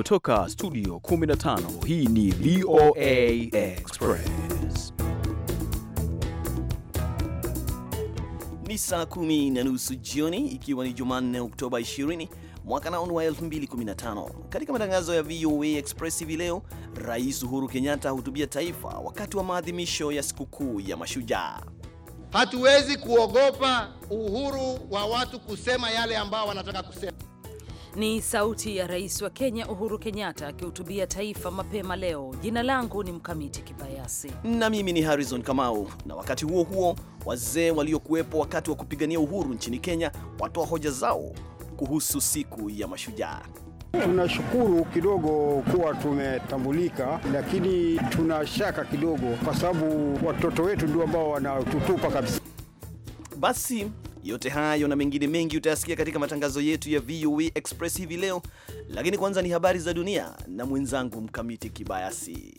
Kutoka studio 15 hii ni VOA Express. Ni saa kumi na nusu jioni ikiwa ni Jumanne Oktoba 20 mwaka naonu wa 2015. Katika matangazo ya VOA Express hivi leo, Rais Uhuru Kenyatta hutubia taifa wakati wa maadhimisho ya sikukuu ya mashujaa. Hatuwezi kuogopa uhuru wa watu kusema yale ambao wanataka kusema. Ni sauti ya rais wa Kenya Uhuru Kenyatta akihutubia taifa mapema leo. Jina langu ni Mkamiti Kibayasi na mimi ni Harrison Kamau. Na wakati huo huo, wazee waliokuwepo wakati wa kupigania uhuru nchini Kenya watoa hoja zao kuhusu siku ya Mashujaa. Tunashukuru kidogo kuwa tumetambulika, lakini tuna shaka kidogo, kwa sababu watoto wetu ndio ambao wanatutupa kabisa. Basi yote hayo na mengine mengi utayasikia katika matangazo yetu ya VOA Express hivi leo, lakini kwanza ni habari za dunia na mwenzangu Mkamiti Kibayasi.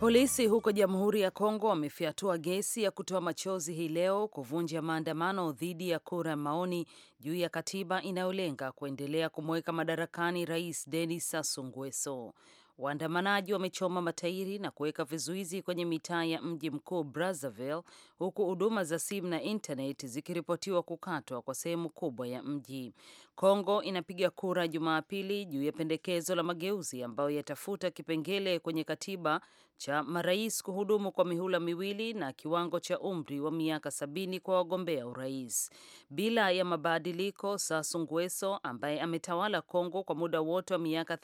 Polisi huko Jamhuri ya Kongo wamefyatua gesi ya kutoa machozi hii leo kuvunja maandamano dhidi ya kura ya maoni juu ya katiba inayolenga kuendelea kumweka madarakani Rais Denis Sassou Nguesso. Waandamanaji wamechoma matairi na kuweka vizuizi kwenye mitaa ya mji mkuu Brazzaville, huku huduma za simu na intaneti zikiripotiwa kukatwa kwa sehemu kubwa ya mji. Kongo inapiga kura Jumapili juu ya pendekezo la mageuzi ambayo yatafuta kipengele kwenye katiba cha marais kuhudumu kwa mihula miwili na kiwango cha umri wa miaka sabini kwa wagombea urais. Bila ya mabadiliko, Sassou Nguesso ambaye ametawala Kongo kwa muda wote wa miaka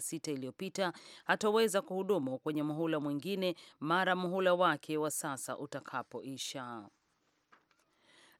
sita iliyopita hataweza kuhudumu kwenye muhula mwingine mara muhula wake wa sasa utakapoisha.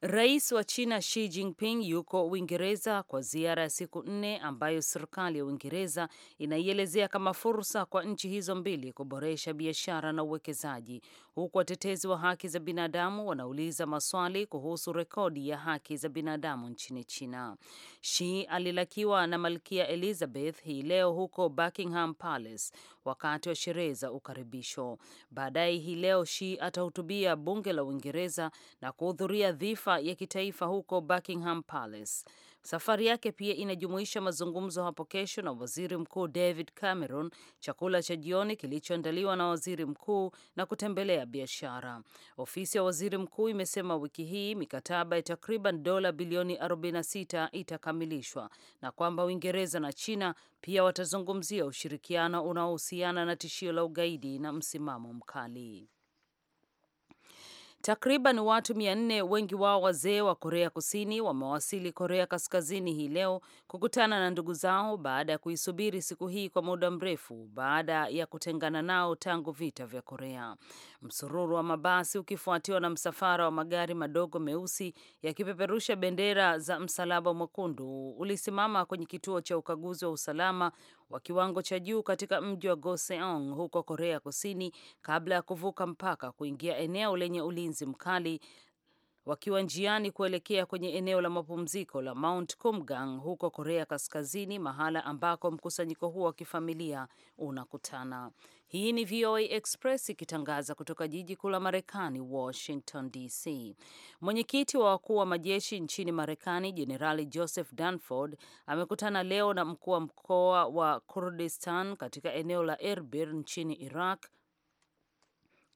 Rais wa China Xi Jinping yuko Uingereza kwa ziara ya siku nne ambayo serikali ya Uingereza inaielezea kama fursa kwa nchi hizo mbili kuboresha biashara na uwekezaji, huku watetezi wa haki za binadamu wanauliza maswali kuhusu rekodi ya haki za binadamu nchini China. Xi alilakiwa na Malkia Elizabeth hii leo huko Buckingham Palace wakati wa sherehe za ukaribisho. Baadaye hii leo Shi atahutubia bunge la Uingereza na kuhudhuria dhifa ya kitaifa huko Buckingham Palace. Safari yake pia inajumuisha mazungumzo hapo kesho na waziri mkuu David Cameron, chakula cha jioni kilichoandaliwa na waziri mkuu na kutembelea biashara. Ofisi ya waziri mkuu imesema wiki hii mikataba ya takriban dola bilioni 46 itakamilishwa na kwamba Uingereza na China pia watazungumzia ushirikiano unaohusiana na tishio la ugaidi na msimamo mkali. Takriban watu nne wengi wao wazee wa Korea Kusini wamewasili Korea Kaskazini hii leo kukutana na ndugu zao baada ya kuisubiri siku hii kwa muda mrefu baada ya kutengana nao tangu vita vya Korea. Msururu wa mabasi ukifuatiwa na msafara wa magari madogo meusi yakipeperusha bendera za Msalaba Mwekundu ulisimama kwenye kituo cha ukaguzi wa usalama wa kiwango cha juu katika mji wa Goseong huko Korea Kusini kabla ya kuvuka mpaka kuingia eneo lenye ulinzi mkali wakiwa njiani kuelekea kwenye eneo la mapumziko la Mount Kumgang huko Korea Kaskazini, mahala ambako mkusanyiko huo wa kifamilia unakutana. Hii ni VOA Express ikitangaza kutoka jiji kuu la Marekani, Washington DC. Mwenyekiti wa wakuu wa majeshi nchini Marekani, Jenerali Joseph Dunford amekutana leo na mkuu wa mkoa wa Kurdistan katika eneo la Erbil nchini Iraq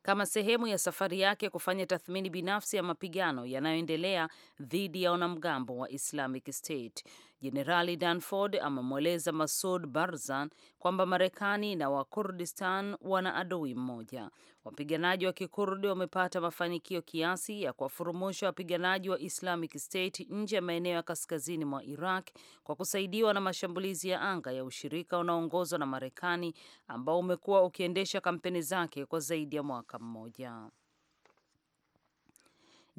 kama sehemu ya safari yake kufanya tathmini binafsi ya mapigano yanayoendelea dhidi ya wanamgambo wa Islamic State. Jenerali Danford amemweleza Masud Barzan kwamba Marekani na Wakurdistan wana adui mmoja. Wapiganaji wa Kikurdi wamepata mafanikio kiasi ya kuwafurumusha wapiganaji wa Islamic State nje ya maeneo ya kaskazini mwa Iraq kwa kusaidiwa na mashambulizi ya anga ya ushirika unaoongozwa na Marekani ambao umekuwa ukiendesha kampeni zake kwa zaidi ya mwaka mmoja.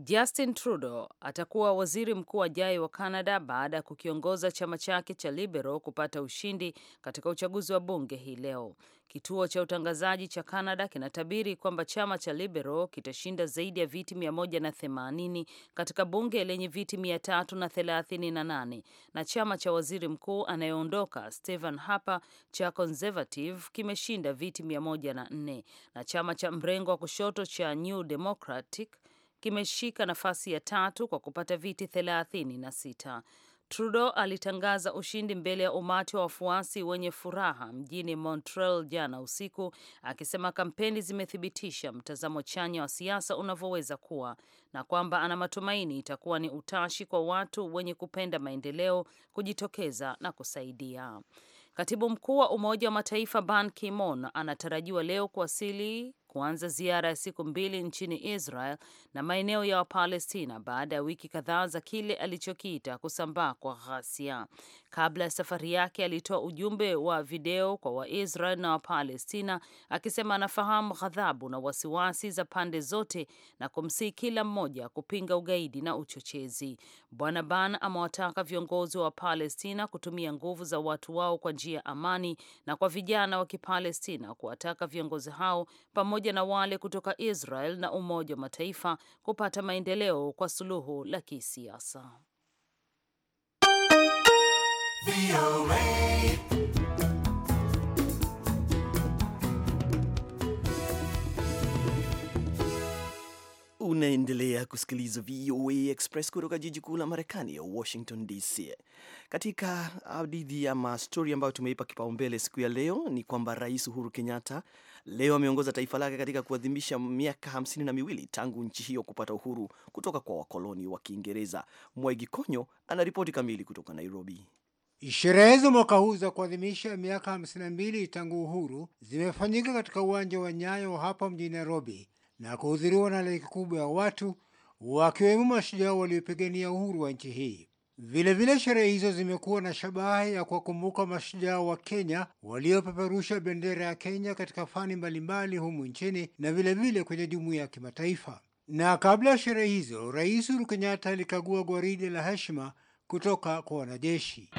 Justin Trudeau atakuwa waziri mkuu ajaye wa Canada baada ya kukiongoza chama chake cha Liberal kupata ushindi katika uchaguzi wa bunge hii leo. Kituo cha utangazaji cha Canada kinatabiri kwamba chama cha Liberal kitashinda zaidi ya viti 180 katika bunge lenye viti 338 na na chama cha waziri mkuu anayeondoka Stephen Harper cha Conservative kimeshinda viti 104 na chama cha mrengo wa kushoto cha New Democratic kimeshika nafasi ya tatu kwa kupata viti thelathini na sita. Trudeau alitangaza ushindi mbele ya umati wa wafuasi wenye furaha mjini Montreal jana usiku, akisema kampeni zimethibitisha mtazamo chanya wa siasa unavyoweza kuwa na kwamba ana matumaini itakuwa ni utashi kwa watu wenye kupenda maendeleo kujitokeza na kusaidia. Katibu mkuu wa Umoja wa Mataifa Ban Ki-moon anatarajiwa leo kuwasili kuanza ziara ya siku mbili nchini Israel na maeneo ya Wapalestina baada ya wiki kadhaa za kile alichokiita kusambaa kwa ghasia. Kabla ya safari yake, alitoa ujumbe wa video kwa Waisrael na Wapalestina akisema anafahamu ghadhabu na wasiwasi za pande zote na kumsihi kila mmoja kupinga ugaidi na uchochezi. Bwana Ban amewataka viongozi wa Palestina kutumia nguvu za watu wao kwa njia ya amani na kwa vijana wa Kipalestina kuwataka viongozi hao pamoja pamoja na wale kutoka Israel na Umoja wa Mataifa kupata maendeleo kwa suluhu la kisiasa. Unaendelea kusikiliza VOA Express kutoka jiji kuu la Marekani ya Washington DC. Katika hadithi ama stori ambayo tumeipa kipaumbele siku ya leo, ni kwamba Rais Uhuru Kenyatta leo ameongoza taifa lake katika kuadhimisha miaka hamsini na miwili tangu nchi hiyo kupata uhuru kutoka kwa wakoloni wa Kiingereza. Mwaigi Konyo anaripoti kamili kutoka Nairobi. Sherehe za mwaka huu za kuadhimisha miaka 52 tangu uhuru zimefanyika katika uwanja wa Nyayo hapa mjini Nairobi na kuhudhuriwa na leki kubwa ya watu wakiwemo mashujaa waliopigania uhuru wa nchi hii. Vilevile sherehe hizo zimekuwa na shabaha ya kuwakumbuka mashujaa wa Kenya waliopeperusha bendera ya Kenya katika fani mbalimbali humu nchini na vilevile kwenye jumuiya ya kimataifa. Na kabla ya sherehe hizo, Rais Uhuru Kenyatta alikagua gwaride la heshima kutoka kwa wanajeshi.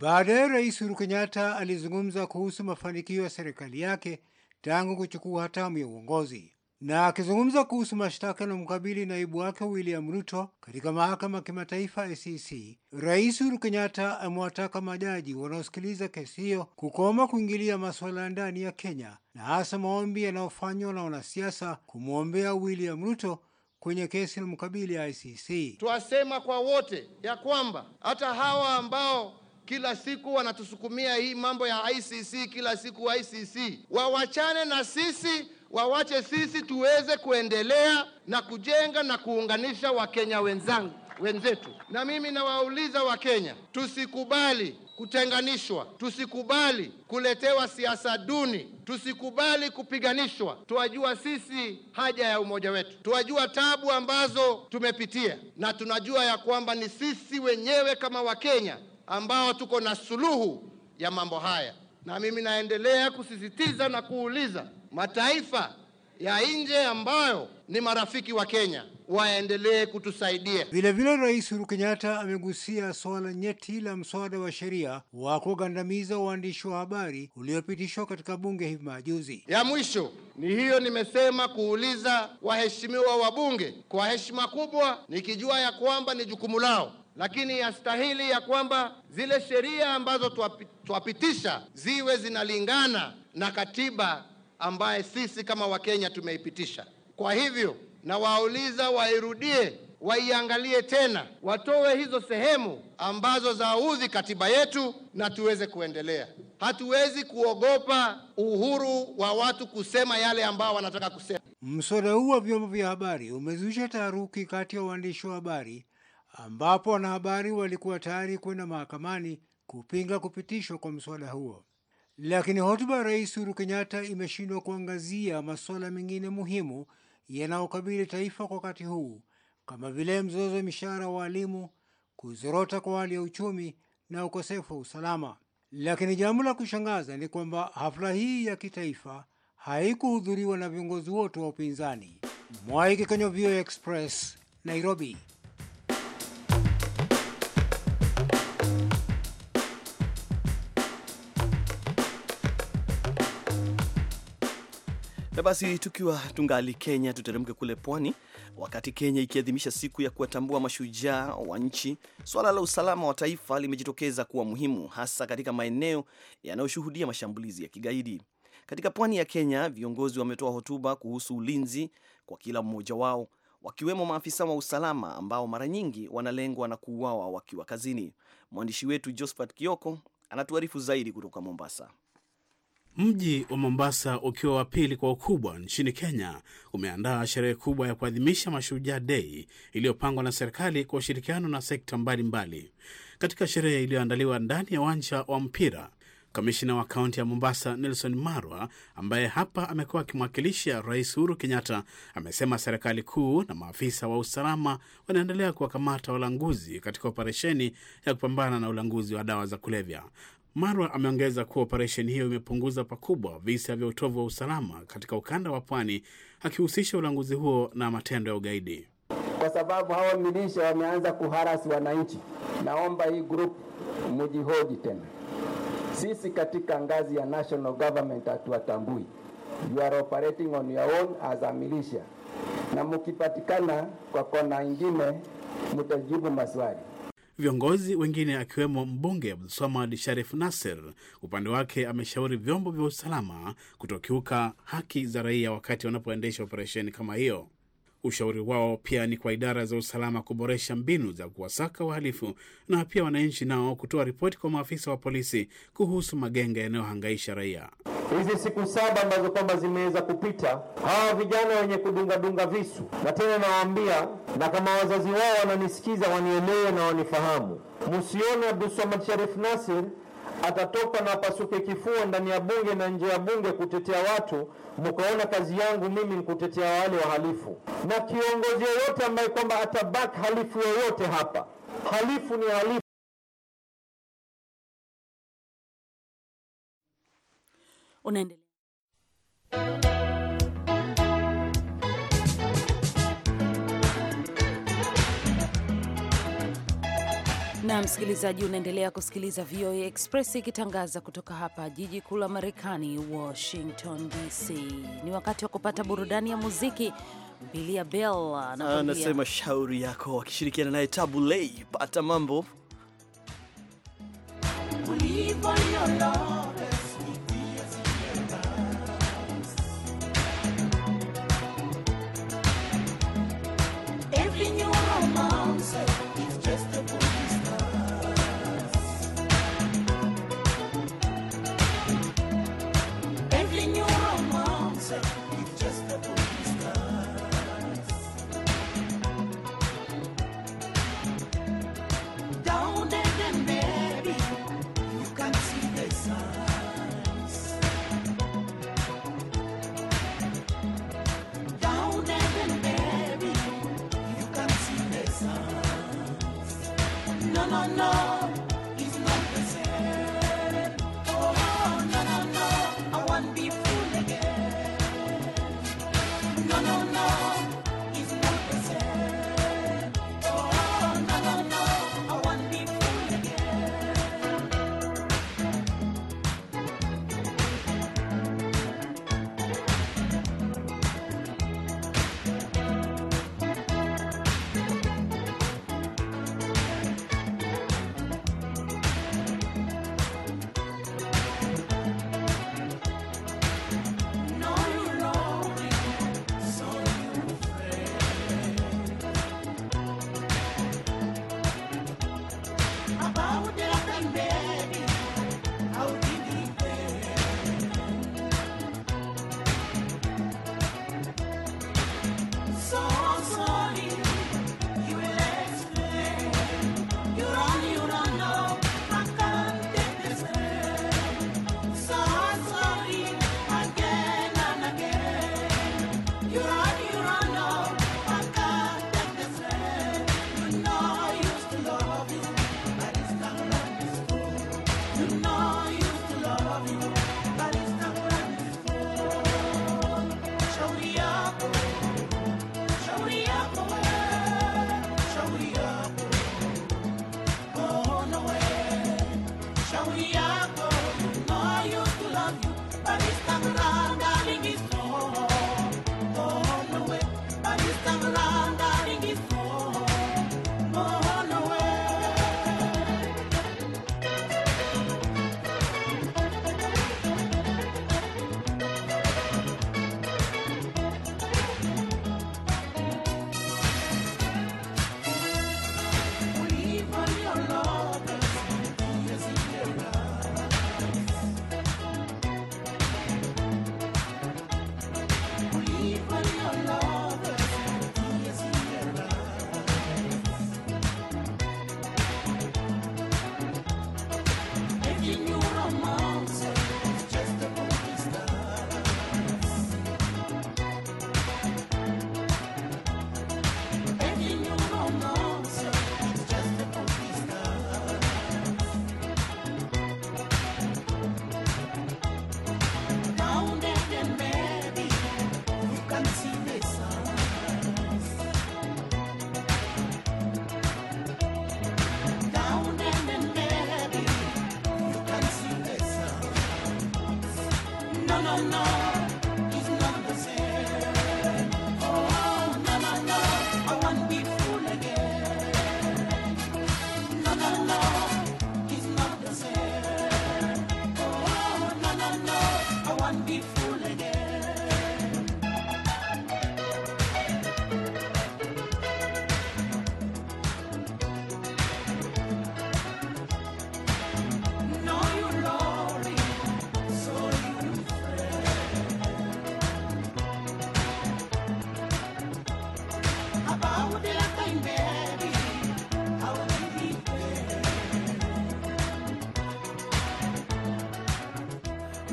Baadaye Rais Uhuru Kenyatta alizungumza kuhusu mafanikio ya serikali yake tangu kuchukua hatamu ya uongozi. Na akizungumza kuhusu mashtaka yanayomkabili naibu wake William Ruto katika mahakama ya kimataifa ICC, e Rais Uhuru Kenyatta amewataka majaji wanaosikiliza kesi hiyo kukoma kuingilia masuala ya ndani ya Kenya na hasa maombi yanayofanywa na wanasiasa kumwombea William Ruto kwenye kesi inayomkabili ICC. E Twasema kwa wote ya kwamba hata hawa ambao kila siku wanatusukumia hii mambo ya ICC, kila siku ICC. Wawachane na sisi, wawache sisi tuweze kuendelea na kujenga na kuunganisha Wakenya wenzangu wenzetu. Na mimi nawauliza Wakenya, tusikubali kutenganishwa, tusikubali kuletewa siasa duni, tusikubali kupiganishwa. Tuwajua sisi haja ya umoja wetu, tuwajua tabu ambazo tumepitia, na tunajua ya kwamba ni sisi wenyewe kama Wakenya ambao tuko na suluhu ya mambo haya, na mimi naendelea kusisitiza na kuuliza mataifa ya nje ambayo ni marafiki wa Kenya waendelee kutusaidia. Vilevile, Rais Uhuru Kenyatta amegusia swala nyeti la mswada wa sheria wa kugandamiza uandishi wa habari uliopitishwa katika bunge hivi majuzi. Ya mwisho ni hiyo, nimesema kuuliza waheshimiwa wa bunge kwa heshima kubwa, nikijua ya kwamba ni jukumu lao lakini yastahili ya kwamba zile sheria ambazo twapitisha ziwe zinalingana na katiba ambaye sisi kama Wakenya tumeipitisha. Kwa hivyo nawauliza wairudie, waiangalie tena, watoe hizo sehemu ambazo zaudhi katiba yetu na tuweze kuendelea. Hatuwezi kuogopa uhuru wa watu kusema yale ambao wanataka kusema. Mswada huu wa vyombo vya habari umezusha taharuki kati ya waandishi wa habari ambapo wanahabari walikuwa tayari kwenda mahakamani kupinga kupitishwa kwa mswada huo. Lakini hotuba ya Rais Uhuru Kenyatta imeshindwa kuangazia masuala mengine muhimu yanayokabili taifa kwa wakati huu kama vile mzozo wa mishahara wa walimu, kuzorota kwa hali ya uchumi na ukosefu wa usalama. Lakini jambo la kushangaza ni kwamba hafla hii ya kitaifa haikuhudhuriwa na viongozi wote wa upinzani. Mwaiki kwenye VOA Express, Nairobi. Na basi tukiwa tungali Kenya, tuteremke kule pwani. Wakati Kenya ikiadhimisha siku ya kuwatambua mashujaa wa nchi, swala la usalama wa taifa limejitokeza kuwa muhimu, hasa katika maeneo yanayoshuhudia mashambulizi ya kigaidi. Katika pwani ya Kenya, viongozi wametoa hotuba kuhusu ulinzi kwa kila mmoja wao, wakiwemo maafisa wa usalama ambao mara nyingi wanalengwa na kuuawa wakiwa kazini. Mwandishi wetu Josphat Kioko anatuarifu zaidi kutoka Mombasa. Mji wa Mombasa ukiwa wa pili kwa ukubwa nchini Kenya umeandaa sherehe kubwa ya kuadhimisha Mashujaa Dei iliyopangwa na serikali kwa ushirikiano na sekta mbalimbali mbali. Katika sherehe iliyoandaliwa ndani ya uwanja wa mpira, kamishina wa kaunti ya Mombasa Nelson Marwa, ambaye hapa amekuwa akimwakilisha Rais Uhuru Kenyatta, amesema serikali kuu na maafisa wa usalama wanaendelea kuwakamata walanguzi katika operesheni ya kupambana na ulanguzi wa dawa za kulevya. Marwa ameongeza kuwa operesheni hiyo imepunguza pakubwa visa vya utovu wa usalama katika ukanda wa pwani, akihusisha ulanguzi huo na matendo ya ugaidi. Kwa sababu hawa milisha wameanza kuharasi wananchi, naomba hii grupu mujihoji tena. Sisi katika ngazi ya national government hatuwatambui, you are operating on your own as a militia, na mukipatikana kwa kona ingine mutajibu maswali. Viongozi wengine akiwemo mbunge Abdulswamad Sharif Nasser upande wake ameshauri vyombo vya usalama kutokiuka haki za raia wakati wanapoendesha operesheni kama hiyo. Ushauri wao pia ni kwa idara za usalama kuboresha mbinu za kuwasaka wahalifu na pia wananchi nao kutoa ripoti kwa maafisa wa polisi kuhusu magenge yanayohangaisha raia hizi siku saba ambazo kwamba zimeweza kupita, hawa vijana wenye kudungadunga visu, na tena nawaambia, na kama wazazi wao wananisikiza, wanielewe na wanifahamu, msione Abdulswamad Sharif Nasir atatoka na pasuke kifua ndani ya bunge na nje ya bunge kutetea watu, mkaona kazi yangu mimi ni kutetea wale wahalifu. Na kiongozi yoyote ambaye kwamba atabaki halifu yoyote hapa, halifu ni halifu. unaendelea. na msikilizaji, unaendelea kusikiliza VOA Express ikitangaza kutoka hapa jiji kuu la Marekani, Washington DC. Ni wakati wa kupata burudani ya muziki. Bilia Bel anasema shauri yako, wakishirikiana naye Tabu Pata mambo Ulipo, no, no.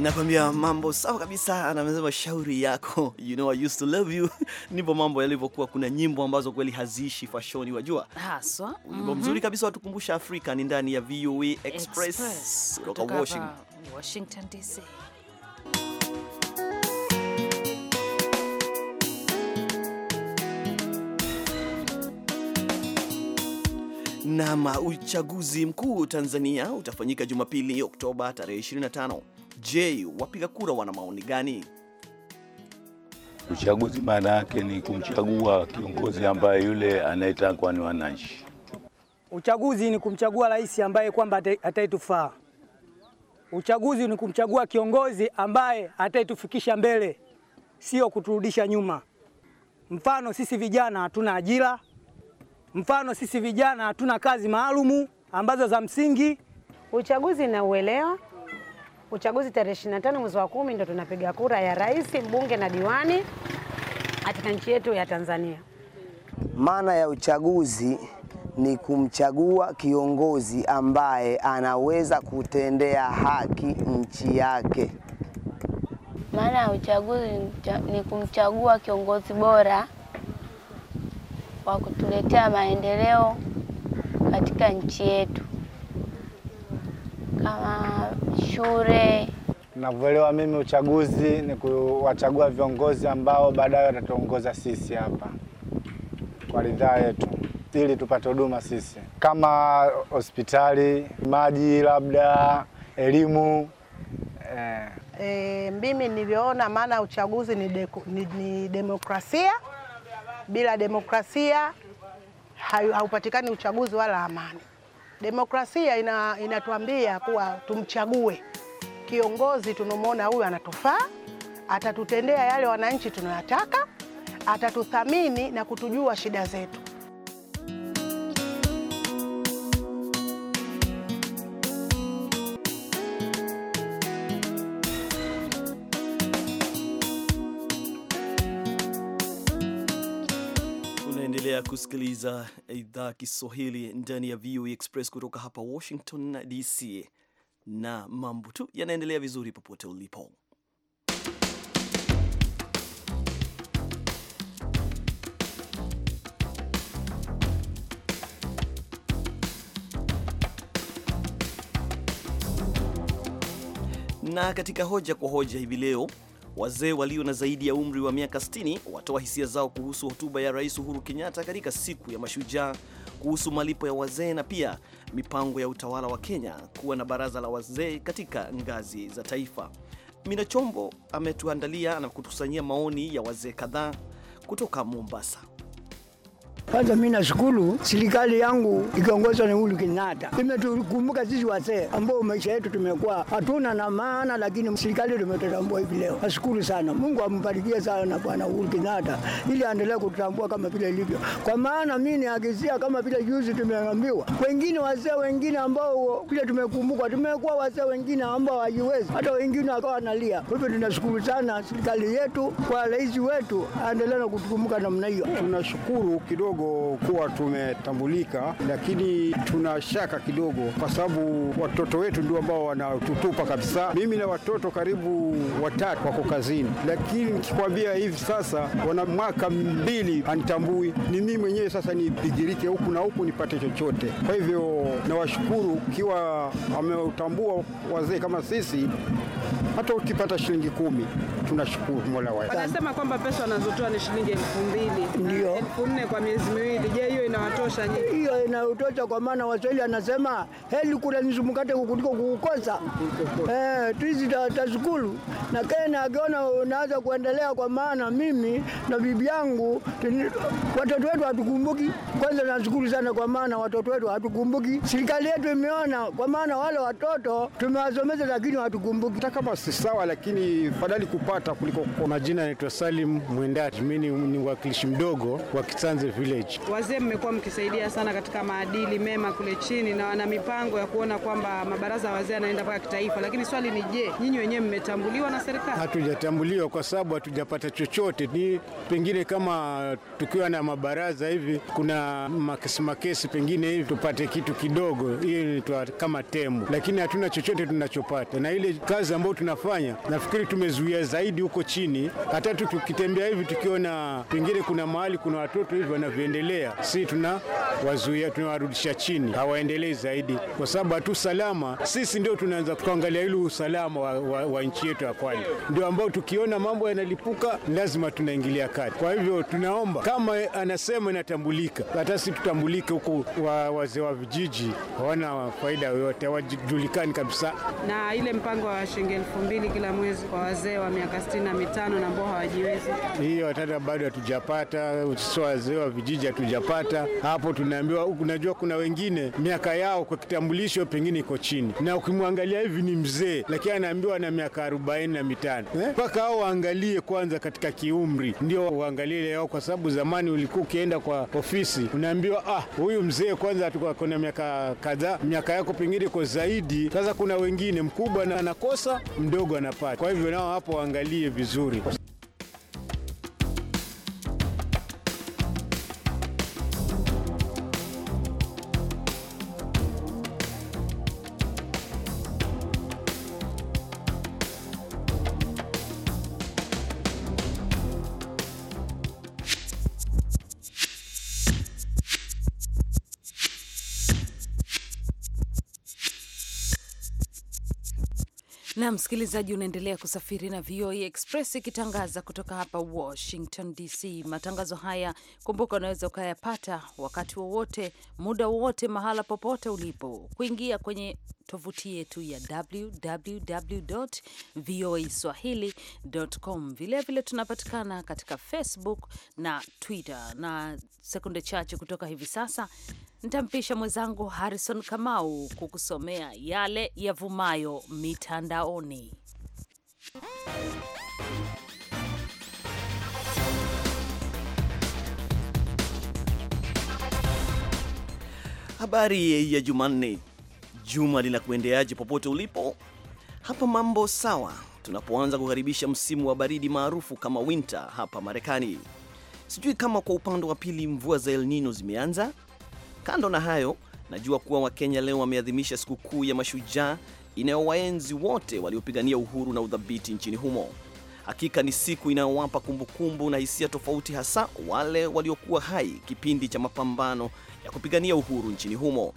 nakwambia mambo sawa kabisa, anasema shauri yako, you know I used to love you. Ndipo mambo yalivyokuwa. Kuna nyimbo ambazo kweli haziishi fashoni, wajua haswa mm -hmm. mzuri kabisa watukumbusha Afrika ni ndani ya VOA e Express, Express kutoka Washington, Washington DC. Nam, uchaguzi mkuu Tanzania utafanyika Jumapili, Oktoba tarehe 25. Je, wapiga kura wana maoni gani? Uchaguzi maana yake ni kumchagua kiongozi ambaye yule anayetakwa ni wananchi. Uchaguzi ni kumchagua rais ambaye kwamba ataitufaa. Uchaguzi ni kumchagua kiongozi ambaye ataitufikisha mbele, sio kuturudisha nyuma. Mfano sisi vijana hatuna ajira, mfano sisi vijana hatuna kazi maalumu ambazo za msingi. Uchaguzi na uelewa uchaguzi tarehe 25 mwezi wa kumi, ndo tunapiga kura ya rais, mbunge na diwani katika nchi yetu ya Tanzania. Maana ya uchaguzi ni kumchagua kiongozi ambaye anaweza kutendea haki nchi yake. Maana ya uchaguzi ni kumchagua kiongozi bora wa kutuletea maendeleo katika nchi yetu kama shule. Navyoelewa mimi, uchaguzi ni kuwachagua viongozi ambao baadaye watatuongoza sisi hapa kwa ridhaa yetu, ili tupate huduma sisi, kama hospitali, maji, labda elimu eh. E, mimi nilivyoona, maana uchaguzi ni, de, ni, ni demokrasia. Bila demokrasia haupatikani uchaguzi wala amani. Demokrasia ina, inatuambia kuwa tumchague kiongozi tunamwona huyu anatufaa, atatutendea yale wananchi tunayotaka, atatuthamini na kutujua shida zetu. Unaendelea kusikiliza idhaa Kiswahili ndani ya VOA e Express kutoka hapa Washington DC, na mambo tu yanaendelea vizuri popote ulipo. Na katika hoja kwa hoja hivi leo Wazee walio na zaidi ya umri wa miaka 60 watoa hisia zao kuhusu hotuba ya Rais Uhuru Kenyatta katika siku ya mashujaa kuhusu malipo ya wazee na pia mipango ya utawala wa Kenya kuwa na baraza la wazee katika ngazi za taifa. Mina Chombo ametuandalia na kutukusanyia maoni ya wazee kadhaa kutoka Mombasa. Kwanza mimi nashukuru serikali yangu ikiongozwa na Uhuru Kenyatta, imetukumbuka sisi wazee ambao maisha yetu tumekuwa hatuna na maana, lakini serikali tumetutambua hivi leo. Nashukuru sana, Mungu ambarikie sana bwana Uhuru Kenyatta, ili aendelee kututambua kama vile ilivyo, kwa maana mimi niagizia kama vile juzi tumeambiwa, wengine wazee wengine ambao kule tumekumbukwa, tumekuwa wazee wengine ambao hajiwezi, hata wengine wakawa wanalia. Kwa hivyo tunashukuru sana serikali yetu kwa rais wetu aendelee na kutukumbuka namna hiyo, tunashukuru kidogo kidogo kuwa tumetambulika, lakini tuna shaka kidogo, kwa sababu watoto wetu ndio ambao wanatutupa kabisa. Mimi na watoto karibu watatu wako kazini, lakini nikikwambia hivi sasa, wana mwaka mbili anitambui, ni mimi mwenyewe sasa nipigirike huku na huku nipate chochote. Kwa hivyo nawashukuru, ukiwa ameutambua wazee kama sisi hata ukipata shilingi kumi tunashukuru Mola wanasema kwamba pesa wanazotoa ni shilingi elfu mbili ndio elfu nne kwa miezi miezi miwili. Je, hiyo inawatosha nyinyi? Hiyo inatosha kwa maana Waswahili anasema heli kula nusu mkate kuliko Eh, tuizi tashukuru na kena akiona unaanza kuendelea, kwa maana mimi na bibi yangu watoto wetu hatukumbuki. Kwanza nashukuru sana kwa maana watoto wetu hatukumbuki, serikali yetu imeona, kwa maana wale watoto tumewasomeza, lakini hatukumbuki. Hata kama si sawa, lakini fadhali kupata kuliko. Majina yanaitwa Salim Mwendati, mimi ni mwakilishi mdogo wa Kitanze vile stage. Wazee mmekuwa mkisaidia sana katika maadili mema kule chini na wana mipango ya kuona kwamba mabaraza ya wazee yanaenda mpaka kitaifa, lakini swali ni je, nyinyi wenyewe mmetambuliwa na serikali? Hatujatambuliwa kwa sababu hatujapata chochote. Ni pengine kama tukiwa na mabaraza hivi, kuna makesi makesi, pengine hivi tupate kitu kidogo, hiyo kama tembo, lakini hatuna chochote tunachopata. Na ile kazi ambayo tunafanya, nafikiri tumezuia zaidi huko chini. Hata tukitembea hivi tukiona pengine kuna mahali kuna watoto hivi wanavyo wanavyoendelea, si tuna wazuia, tunawarudisha chini, hawaendelei zaidi, kwa sababu hatu salama. Sisi ndio tunaanza tukaangalia ile usalama wa, wa, wa nchi yetu ya pwani, ndio ambao tukiona mambo yanalipuka lazima tunaingilia kati. Kwa hivyo tunaomba kama anasema inatambulika, hata si tutambulike huku, wazee wa vijiji hawana faida yoyote, hawajulikani kabisa. Na ile mpango wa shilingi elfu mbili kila mwezi kwa wazee wa miaka sitini na mitano na ambao hawajiwezi, hiyo hata bado hatujapata, sio wazee wa vijiji vijiji hatujapata. Hapo tunaambiwa, unajua kuna wengine miaka yao kwa kitambulisho pengine iko chini, na ukimwangalia hivi ni mzee, lakini anaambiwa na miaka arobaini na mitano eh, mpaka eh? Hao waangalie kwanza katika kiumri, ndio uangalie leo, kwa sababu zamani ulikuwa ukienda kwa ofisi unaambiwa, ah, huyu mzee kwanza kuna miaka kadhaa, miaka yako pengine iko zaidi. Sasa kuna wengine mkubwa na anakosa mdogo anapata, kwa hivyo nao hapo waangalie vizuri. na msikilizaji, unaendelea kusafiri na VOA e Express ikitangaza kutoka hapa Washington DC. Matangazo haya kumbuka, unaweza ukayapata wakati wowote, muda wowote, mahala popote ulipo, kuingia kwenye tovuti yetu ya www voa swahili.com. Vilevile tunapatikana katika Facebook na Twitter. Na sekunde chache kutoka hivi sasa nitampisha mwenzangu Harrison Kamau kukusomea yale yavumayo mitandaoni. Habari ya Jumanne juma linakuendeaje popote ulipo? Hapa mambo sawa, tunapoanza kukaribisha msimu wa baridi maarufu kama winter hapa Marekani. Sijui kama kwa upande wa pili mvua za El Nino zimeanza. Kando na hayo, najua kuwa Wakenya leo wameadhimisha sikukuu ya Mashujaa inayowaenzi wote waliopigania uhuru na udhabiti nchini humo. Hakika ni siku inayowapa kumbukumbu na hisia tofauti, hasa wale waliokuwa hai kipindi cha mapambano ya kupigania uhuru nchini humo.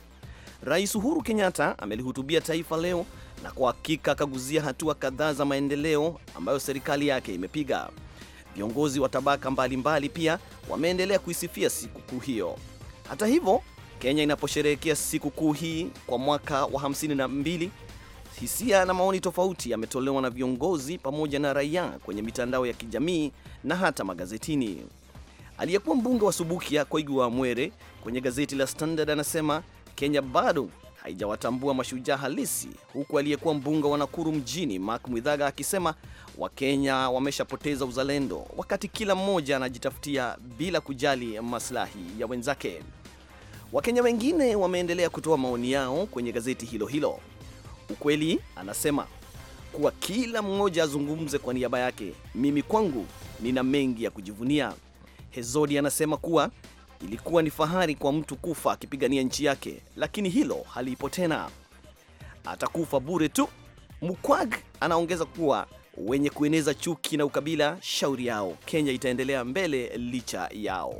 Rais Uhuru Kenyatta amelihutubia taifa leo na kwa hakika akaguzia hatua kadhaa za maendeleo ambayo serikali yake imepiga. Viongozi wa tabaka mbalimbali pia wameendelea kuisifia sikukuu hiyo. Hata hivyo, Kenya inaposherehekea sikukuu hii kwa mwaka wa 52, hisia na maoni tofauti yametolewa na viongozi pamoja na raia kwenye mitandao ya kijamii na hata magazetini. Aliyekuwa mbunge wa Subukia Koigi wa Mwere kwenye gazeti la Standard anasema Kenya bado haijawatambua mashujaa halisi, huku aliyekuwa mbunge wa Nakuru mjini Mark Mwidhaga akisema Wakenya wameshapoteza uzalendo wakati kila mmoja anajitafutia bila kujali maslahi ya wenzake. Wakenya wengine wameendelea kutoa maoni yao kwenye gazeti hilo hilo. Ukweli anasema kuwa kila mmoja azungumze kwa niaba yake. Mimi kwangu nina mengi ya kujivunia. Hezodi anasema kuwa Ilikuwa ni fahari kwa mtu kufa akipigania nchi yake, lakini hilo halipo tena. Atakufa bure tu. Mukwag anaongeza kuwa wenye kueneza chuki na ukabila, shauri yao, Kenya itaendelea mbele licha yao.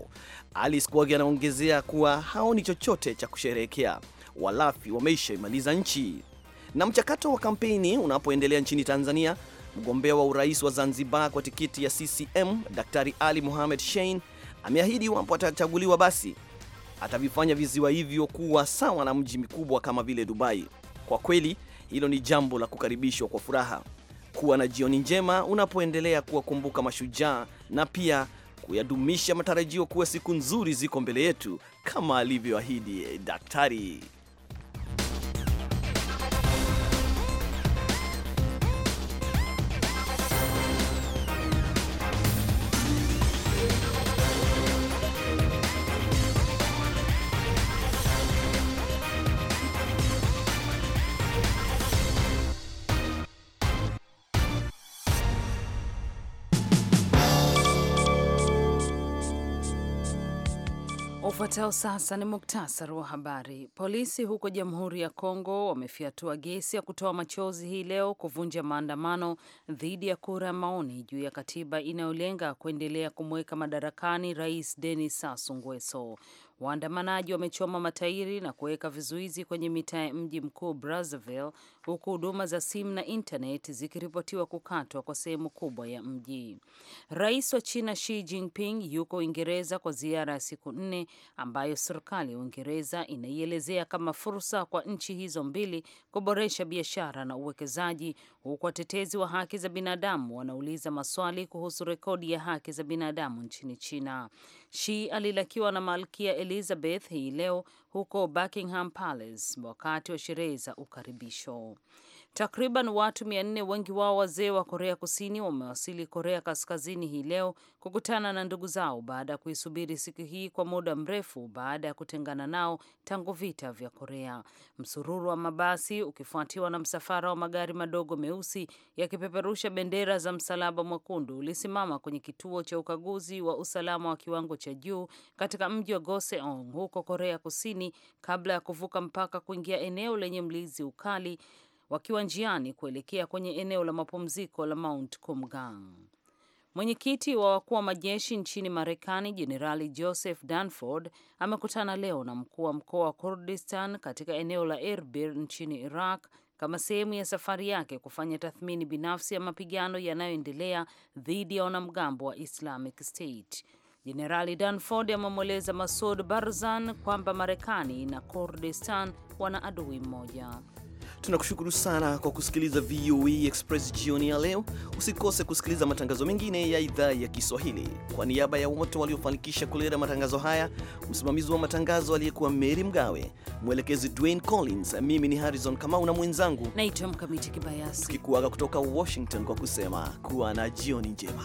Alice Kuage anaongezea kuwa haoni chochote cha kusherehekea, walafi wameisha imaliza nchi. Na mchakato wa kampeni unapoendelea nchini Tanzania, mgombea wa urais wa Zanzibar kwa tikiti ya CCM Daktari Ali Mohamed Shein Ameahidi iwapo atachaguliwa, basi atavifanya visiwa hivyo kuwa sawa na mji mkubwa kama vile Dubai. Kwa kweli hilo ni jambo la kukaribishwa kwa furaha. Kuwa na jioni njema unapoendelea kuwakumbuka mashujaa na pia kuyadumisha matarajio kuwa siku nzuri ziko mbele yetu kama alivyoahidi daktari. Ufuatao sasa ni muktasari wa habari. Polisi huko Jamhuri ya Kongo wamefiatua gesi ya kutoa machozi hii leo kuvunja maandamano dhidi ya kura ya maoni juu ya katiba inayolenga kuendelea kumweka madarakani Rais Denis Sassou Nguesso. Waandamanaji wamechoma matairi na kuweka vizuizi kwenye mitaa ya mji mkuu Brazzaville, huku huduma za simu na intanet zikiripotiwa kukatwa kwa sehemu kubwa ya mji. Rais wa China Xi Jinping yuko Uingereza kwa ziara ya siku nne ambayo serikali ya Uingereza inaielezea kama fursa kwa nchi hizo mbili kuboresha biashara na uwekezaji, huku watetezi wa haki za binadamu wanauliza maswali kuhusu rekodi ya haki za binadamu nchini China shi alilakiwa na Malkia Elizabeth hii leo huko Buckingham Palace wakati wa sherehe za ukaribisho. Takriban watu 400 wengi wao wazee wa Korea Kusini wamewasili Korea Kaskazini hii leo kukutana na ndugu zao baada ya kuisubiri siku hii kwa muda mrefu baada ya kutengana nao tangu vita vya Korea. Msururu wa mabasi ukifuatiwa na msafara wa magari madogo meusi yakipeperusha bendera za Msalaba Mwekundu ulisimama kwenye kituo cha ukaguzi wa usalama wa kiwango cha juu katika mji wa Goseong huko Korea Kusini kabla ya kuvuka mpaka kuingia eneo lenye mlizi ukali wakiwa njiani kuelekea kwenye eneo la mapumziko la Mount Kumgang. Mwenyekiti wa wakuu wa majeshi nchini Marekani Jenerali Joseph Dunford amekutana leo na mkuu wa mkoa wa Kurdistan katika eneo la Erbil nchini Iraq kama sehemu ya safari yake kufanya tathmini binafsi ya mapigano yanayoendelea dhidi ya wanamgambo wa Islamic State. Jenerali Dunford amemweleza Masud Barzan kwamba Marekani na Kurdistan wana adui mmoja. Tunakushukuru sana kwa kusikiliza VOA e Express jioni ya leo. Usikose kusikiliza matangazo mengine ya idhaa ya Kiswahili. Kwa niaba ya wote waliofanikisha kuleta matangazo haya, msimamizi wa matangazo aliyekuwa Mary Mgawe, mwelekezi Dwayne Collins, mimi ni Harrison Kamau na mwenzangu naitwa Mkamiti Kibayasi, tukikuaga kutoka Washington kwa kusema kuwa na jioni njema.